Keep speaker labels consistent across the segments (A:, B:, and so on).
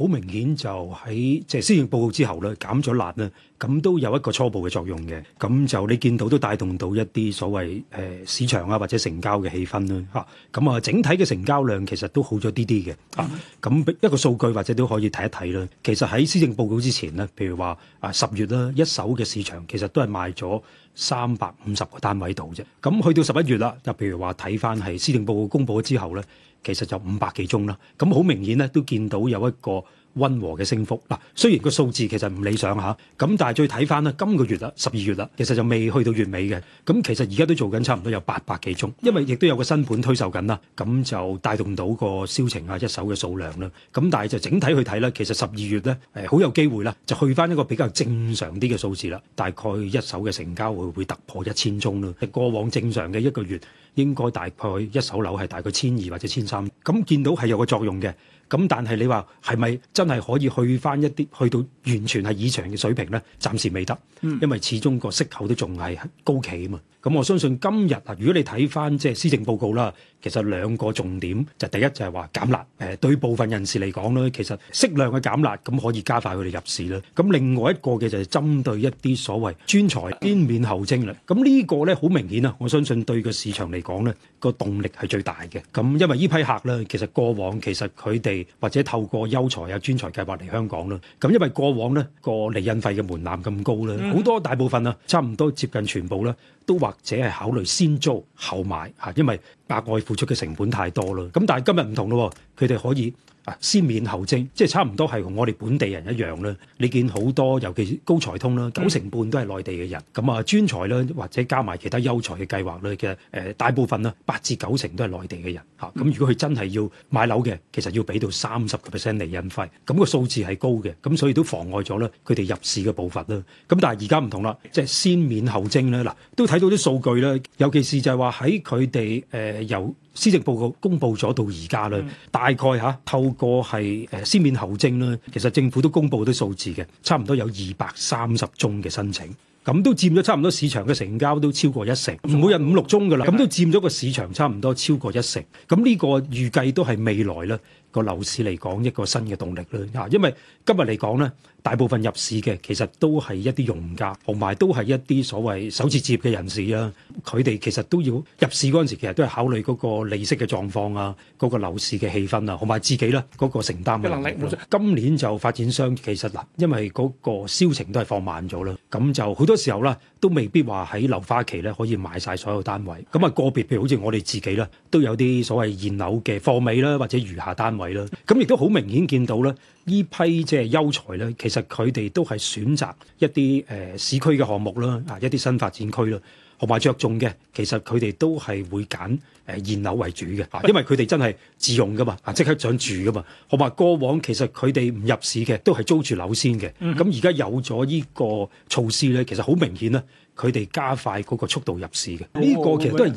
A: 好明顯就喺即係施政報告之後咧減咗辣咧，咁都有一個初步嘅作用嘅。咁就你見到都帶動到一啲所謂誒、呃、市場啊或者成交嘅氣氛啦、啊、嚇。咁啊整體嘅成交量其實都好咗啲啲嘅嚇。咁、啊、一個數據或者都可以睇一睇啦。其實喺施政報告之前咧，譬如話啊十月咧一手嘅市場其實都係賣咗三百五十個單位度啫。咁去到十一月啦，就譬如話睇返係施政報告公佈咗之後咧，其實就五百幾宗啦。咁好明顯咧都見到有一個溫和嘅升幅嗱、啊，雖然個數字其實唔理想嚇，咁、啊、但係再睇翻咧，今個月啦，十二月啦，其實就未去到月尾嘅，咁、啊、其實而家都做緊差唔多有八百幾宗，因為亦都有個新盤推售緊啦，咁、啊嗯、就帶動到個銷情啊一手嘅數量啦，咁、啊、但係就整體去睇咧，其實十二月咧誒、啊、好有機會啦，就去翻一個比較正常啲嘅數字啦、啊，大概一手嘅成交會會突破一千宗咯、啊，過往正常嘅一個月。應該大概一手樓係大概千二或者千三，咁見到係有個作用嘅。咁但係你話係咪真係可以去翻一啲，去到完全係以長嘅水平咧？暫時未得，因為始終個息口都仲係高企啊嘛。咁我相信今日啊，如果你睇翻即係施政報告啦，其實兩個重點就第一就係話減辣。誒對部分人士嚟講咧，其實適量嘅減辣咁可以加快佢哋入市啦。咁另外一個嘅就係針對一啲所謂專才先免後徵啦。咁呢個咧好明顯啊，我相信對個市場嚟。嚟講咧個動力係最大嘅，咁因為呢批客咧，其實過往其實佢哋或者透過優才啊專才計劃嚟香港啦，咁因為過往咧個離任費嘅門檻咁高啦，嗯、好多大部分啊差唔多接近全部啦。都或者係考慮先租後買嚇，因為額外付出嘅成本太多啦。咁但係今日唔同咯，佢哋可以啊先免後徵，即係差唔多係同我哋本地人一樣啦。你見好多尤其高才通啦，九成半都係內地嘅人。咁啊專才啦，或者加埋其他優才嘅計劃咧嘅誒，大部分啦八至九成都係內地嘅人嚇。咁、嗯、如果佢真係要買樓嘅，其實要俾到三十個 percent 厘印費，咁、嗰個數字係高嘅，咁所以都妨礙咗咧佢哋入市嘅步伐啦。咁但係而家唔同啦，即係先免後徵咧嗱，都睇。多啲數據咧，尤其是就係話喺佢哋誒由施政報告公布咗到而家咧，嗯、大概嚇、啊、透過係誒、呃、先免後徵啦。其實政府都公布啲數字嘅，差唔多有二百三十宗嘅申請，咁都佔咗差唔多市場嘅成交都超過一成，每日五六宗噶啦，咁、嗯、都佔咗個市場差唔多超過一成，咁呢個預計都係未來咧。個樓市嚟講，一個新嘅動力咧，嚇，因為今日嚟講咧，大部分入市嘅其實都係一啲用家，同埋都係一啲所謂首次置業嘅人士啊。佢哋其實都要入市嗰陣時，其實都係考慮嗰個利息嘅狀況啊，嗰個樓市嘅氣氛啊，同埋自己咧嗰個承擔嘅能力。能力今年就發展商其實嗱，因為嗰個銷情都係放慢咗啦，咁就好多時候啦，都未必話喺樓花期咧可以賣晒所有單位。咁啊個別譬如好似我哋自己啦，都有啲所謂現樓嘅貨尾啦，或者餘下單位。位啦，咁亦、嗯、都好明顯見到咧，呢批即係優才咧，其實佢哋都係選擇一啲誒、呃、市區嘅項目啦，啊一啲新發展區啦，同埋着重嘅，其實佢哋都係會揀誒現樓為主嘅、啊，因為佢哋真係自用㗎嘛，啊即刻想住㗎嘛，好嘛？過往其實佢哋唔入市嘅都係租住樓先嘅，咁而家有咗呢個措施咧，其實好明顯啦。佢哋加快嗰個速度入市嘅，呢個其實都係業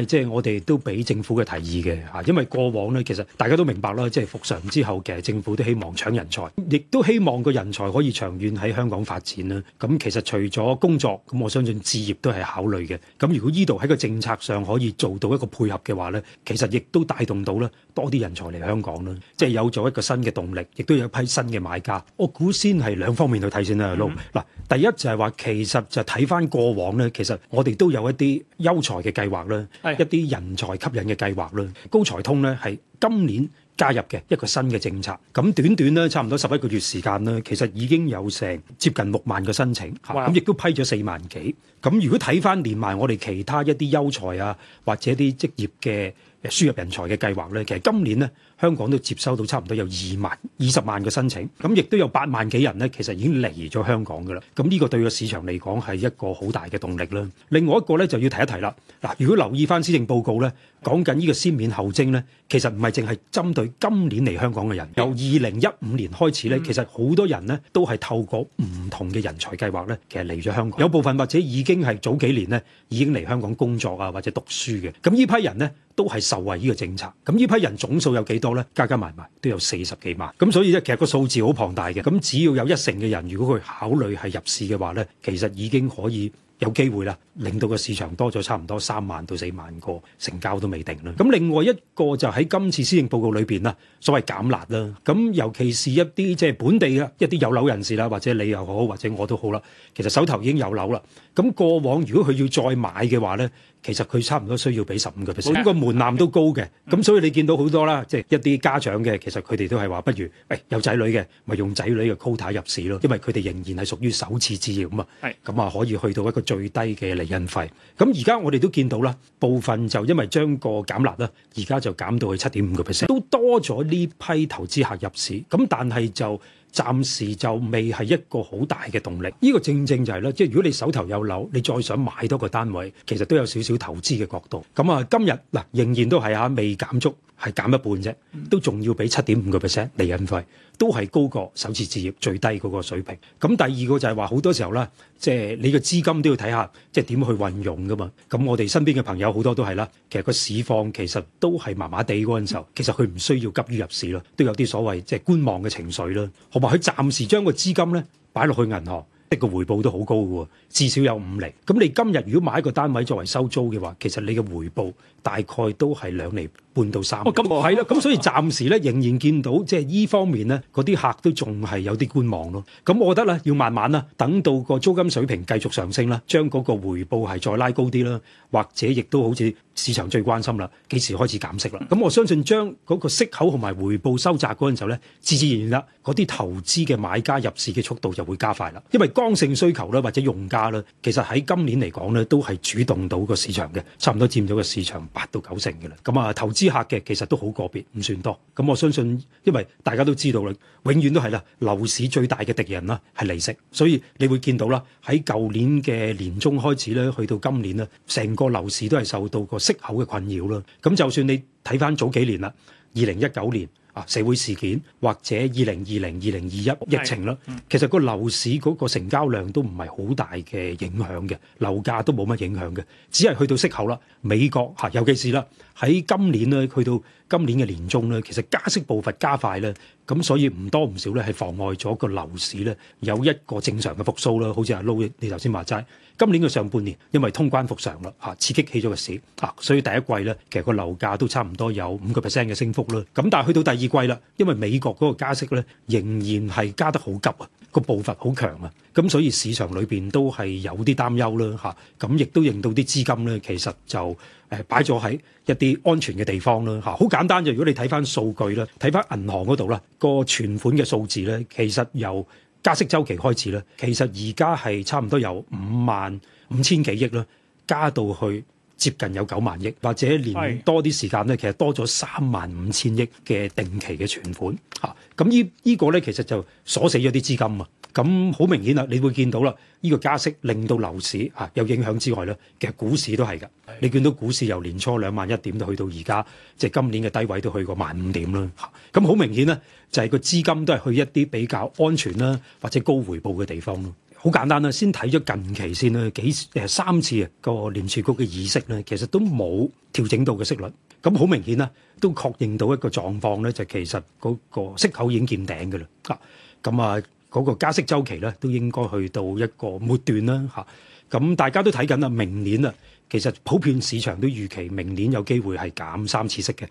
A: 界，即係我哋都俾政府嘅提議嘅嚇，因為過往咧其實大家都明白啦，即係復常之後嘅政府都希望搶人才，亦都希望個人才可以長遠喺香港發展啦。咁其實除咗工作，咁我相信置業都係考慮嘅。咁如果呢度喺個政策上可以做到一個配合嘅話咧，其實亦都帶動到咧多啲人才嚟香港啦，即係有做一個新嘅動力，亦都有一批新嘅買家。我估先係兩方面去睇先啦，老嗱、mm，hmm. 第一就係話其實就睇翻個。過往咧，其實我哋都有一啲優才嘅計劃啦，的一啲人才吸引嘅計劃啦。高才通咧係今年加入嘅一個新嘅政策。咁短短咧，差唔多十一個月時間咧，其實已經有成接近六萬個申請，咁亦都批咗四萬幾。咁如果睇翻連埋我哋其他一啲優才啊，或者啲職業嘅輸入人才嘅計劃咧，其實今年呢。香港都接收到差唔多有二萬二十萬嘅申請，咁亦都有八萬幾人咧，其實已經嚟咗香港噶啦。咁呢個對個市場嚟講，係一個好大嘅動力啦。另外一個咧就要提一提啦。嗱，如果留意翻施政報告咧，講緊呢個先免後徵咧，其實唔係淨係針對今年嚟香港嘅人。由二零一五年開始咧，其實好多人咧都係透過唔同嘅人才計劃咧，其實嚟咗香港。有部分或者已經係早幾年咧已經嚟香港工作啊，或者讀書嘅。咁呢批人咧都係受惠呢個政策。咁呢批人總數有幾多？加加埋埋都有四十幾萬，咁所以咧，其實個數字好龐大嘅。咁只要有一成嘅人，如果佢考慮係入市嘅話咧，其實已經可以有機會啦，令到個市場多咗差唔多三萬到四萬個成交都未定啦。咁另外一個就喺今次施政報告裏邊啦，所謂減辣啦。咁尤其是一啲即係本地嘅一啲有樓人士啦，或者你又好，或者我都好啦，其實手頭已經有樓啦。咁過往如果佢要再買嘅話咧。其實佢差唔多需要俾十五個 percent，個門檻都高嘅，咁、嗯、所以你見到好多啦，即、就、係、是、一啲家長嘅，其實佢哋都係話不如，喂、哎、有仔女嘅，咪用仔女嘅 quota 入市咯，因為佢哋仍然係屬於首次置業嘛，係是，咁啊可以去到一個最低嘅釐印費。咁而家我哋都見到啦，部分就因為將個減辣啦，而家就減到去七點五個 percent，都多咗呢批投資客入市，咁但係就。暫時就未係一個好大嘅動力，呢、這個正正就係、是、咯，即係如果你手頭有樓，你再想買多個單位，其實都有少少投資嘅角度。咁啊，今日嗱、啊、仍然都係啊，未減足，係減一半啫，都仲要俾七點五個 percent 釐印費。都係高過首次置業最低嗰個水平。咁第二個就係話好多時候咧，即係你嘅資金都要睇下，即係點去運用噶嘛。咁我哋身邊嘅朋友好多都係啦，其實個市況其實都係麻麻地嗰陣時候，其實佢唔需要急於入市啦，都有啲所謂即係觀望嘅情緒啦，同埋佢暫時將個資金咧擺落去銀行。嘅回報都好高嘅，至少有五厘。咁你今日如果買一個單位作為收租嘅話，其實你嘅回報大概都係兩厘半到三厘。哦，咁係啦，咁所以暫時咧仍然見到即係呢方面咧，嗰啲客都仲係有啲觀望咯。咁我覺得咧，要慢慢啦，等到個租金水平繼續上升啦，將嗰個回報係再拉高啲啦，或者亦都好似市場最關心啦，幾時開始減息啦？咁我相信將嗰個息口同埋回報收窄嗰陣時候咧，自自然然啦，嗰啲投資嘅買家入市嘅速度就會加快啦，因為剛。剛性需求咧，或者用家咧，其實喺今年嚟講咧，都係主動到個市場嘅，差唔多佔咗個市場八到九成嘅啦。咁啊，投資客嘅其實都好個別，唔算多。咁我相信，因為大家都知道啦，永遠都係啦，樓市最大嘅敵人啦係利息，所以你會見到啦，喺舊年嘅年中開始咧，去到今年咧，成個樓市都係受到個息口嘅困擾啦。咁就算你睇返早幾年啦，二零一九年。啊，社會事件或者二零二零、二零二一疫情啦，嗯、其實個樓市嗰個成交量都唔係好大嘅影響嘅，樓價都冇乜影響嘅，只係去到息口啦。美國吓，尤其是啦，喺今年咧去到。今年嘅年中咧，其實加息步伐加快咧，咁所以唔多唔少咧，係妨礙咗個樓市咧有一個正常嘅復甦啦。好似阿 Lo 你頭先話齋，今年嘅上半年因為通關復常啦嚇，刺激起咗個市啊，所以第一季咧其實個樓價都差唔多有五個 percent 嘅升幅啦。咁但係去到第二季啦，因為美國嗰個加息咧仍然係加得好急啊。個步伐好強啊！咁所以市場裏邊都係有啲擔憂啦，嚇咁亦都令到啲資金咧，其實就誒擺咗喺一啲安全嘅地方啦，嚇、啊、好簡單就如果你睇翻數據啦，睇翻銀行嗰度啦，個存款嘅數字咧，其實由加息周期開始咧，其實而家係差唔多有五萬五千幾億啦，加到去接近有九萬億，或者年多啲時間咧，其實多咗三萬五千億嘅定期嘅存款嚇。啊咁呢依個咧，其實就鎖死咗啲資金啊！咁好明顯啦，你會見到啦，呢個加息令到樓市啊有影響之外咧，其實股市都係噶。你見到股市由年初兩萬一點到去到而家，即係今年嘅低位都去過萬五點啦。咁好明顯咧，就係個資金都係去一啲比較安全啦，或者高回報嘅地方咯。好簡單啦，先睇咗近期先啦，幾誒三次個聯儲局嘅議息咧，其實都冇調整到嘅息率。咁好明顯啦、啊，都確認到一個狀況咧，就其實嗰個息口已經見頂嘅啦。嚇咁啊，嗰、啊那個加息周期咧，都應該去到一個末段啦。嚇、啊、咁、啊、大家都睇緊啦、啊，明年啊，其實普遍市場都預期明年有機會係減三次息嘅。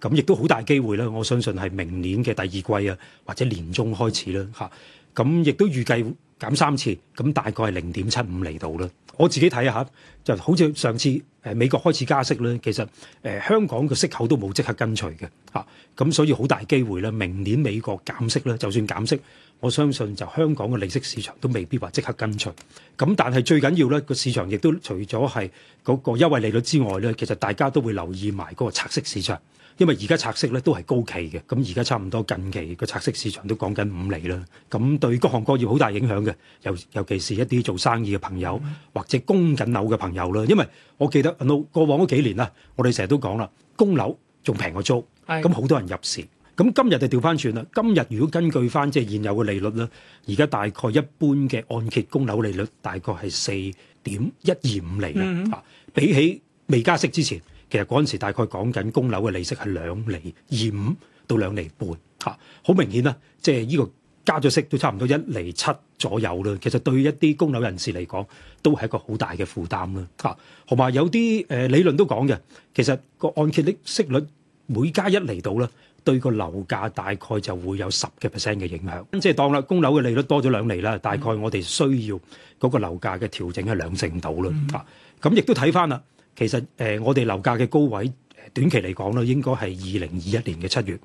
A: 咁、啊、亦都好大機會啦。我相信係明年嘅第二季啊，或者年中開始啦。嚇咁亦都預計減三次，咁大概係零點七五厘度啦。我自己睇下，就好似上次。誒美國開始加息咧，其實誒香港嘅息口都冇即刻跟隨嘅嚇，咁所以好大機會咧。明年美國減息咧，就算減息，我相信就香港嘅利息市場都未必話即刻跟隨。咁但係最緊要咧，個市場亦都除咗係嗰個優惠利率之外咧，其實大家都會留意埋嗰個拆息市場，因為而家拆息咧都係高企嘅。咁而家差唔多近期個拆息市場都講緊五厘啦。咁對各行各業好大影響嘅，尤尤其是一啲做生意嘅朋友，或者供緊樓嘅朋友啦，因為我記得。過往嗰幾年啦，我哋成日都講啦，供樓仲平過租，咁好多人入市。咁今日就調翻轉啦。今日如果根據翻，即係現有嘅利率咧，而家大概一般嘅按揭供樓利率大概係四點一二五厘啦。吓、mm，hmm. 比起未加息之前，其實嗰陣時大概講緊供樓嘅利息係兩厘二五到兩厘半。吓，好明顯啦，即係呢個。加咗息都差唔多一厘七左右啦，其實對一啲供樓人士嚟講都係一個好大嘅負擔啦，嚇、啊，同埋有啲誒、呃、理論都講嘅，其實個按揭息率每加一厘到咧，對個樓價大概就會有十嘅 percent 嘅影響，即係當啦供樓嘅利率多咗兩厘啦，大概我哋需要嗰個樓價嘅調整係兩成度啦，嚇、嗯、咁、啊、亦都睇翻啦，其實誒、呃，我哋樓價嘅高位。短期嚟講咧，應該係二零二一年嘅七月。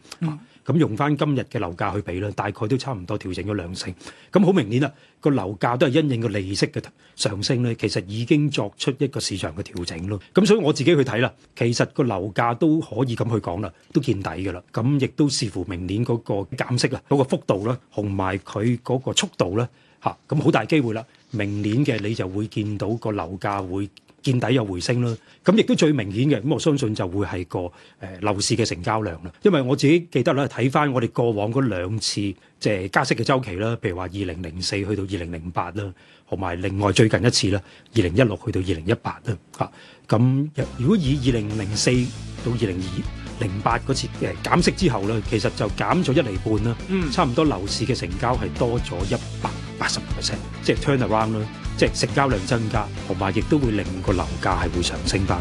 A: 咁用翻今日嘅樓價去比咧，大概都差唔多調整咗兩成。咁好明顯啦，個樓價都係因應個利息嘅上升咧，其實已經作出一個市場嘅調整咯。咁所以我自己去睇啦，其實個樓價都可以咁去講啦，都見底㗎啦。咁亦都視乎明年嗰個減息啊，嗰個幅度啦，同埋佢嗰個速度咧，嚇、咁好大機會啦。明年嘅你就會見到個樓價會見底又回升咯，咁亦都最明顯嘅，咁我相信就會係個誒樓市嘅成交量啦。因為我自己記得咧，睇翻我哋過往嗰兩次即係加息嘅周期啦，譬如話二零零四去到二零零八啦，同埋另外最近一次啦，二零一六去到二零一八啦，嚇咁如果以二零零四到二零零八嗰次誒減息之後咧，其實就減咗一厘半啦，嗯、差唔多樓市嘅成交係多咗一百八十個 percent，即係 turn around 咯。即係成交量增加，同埋亦都會令個樓價係會上升翻。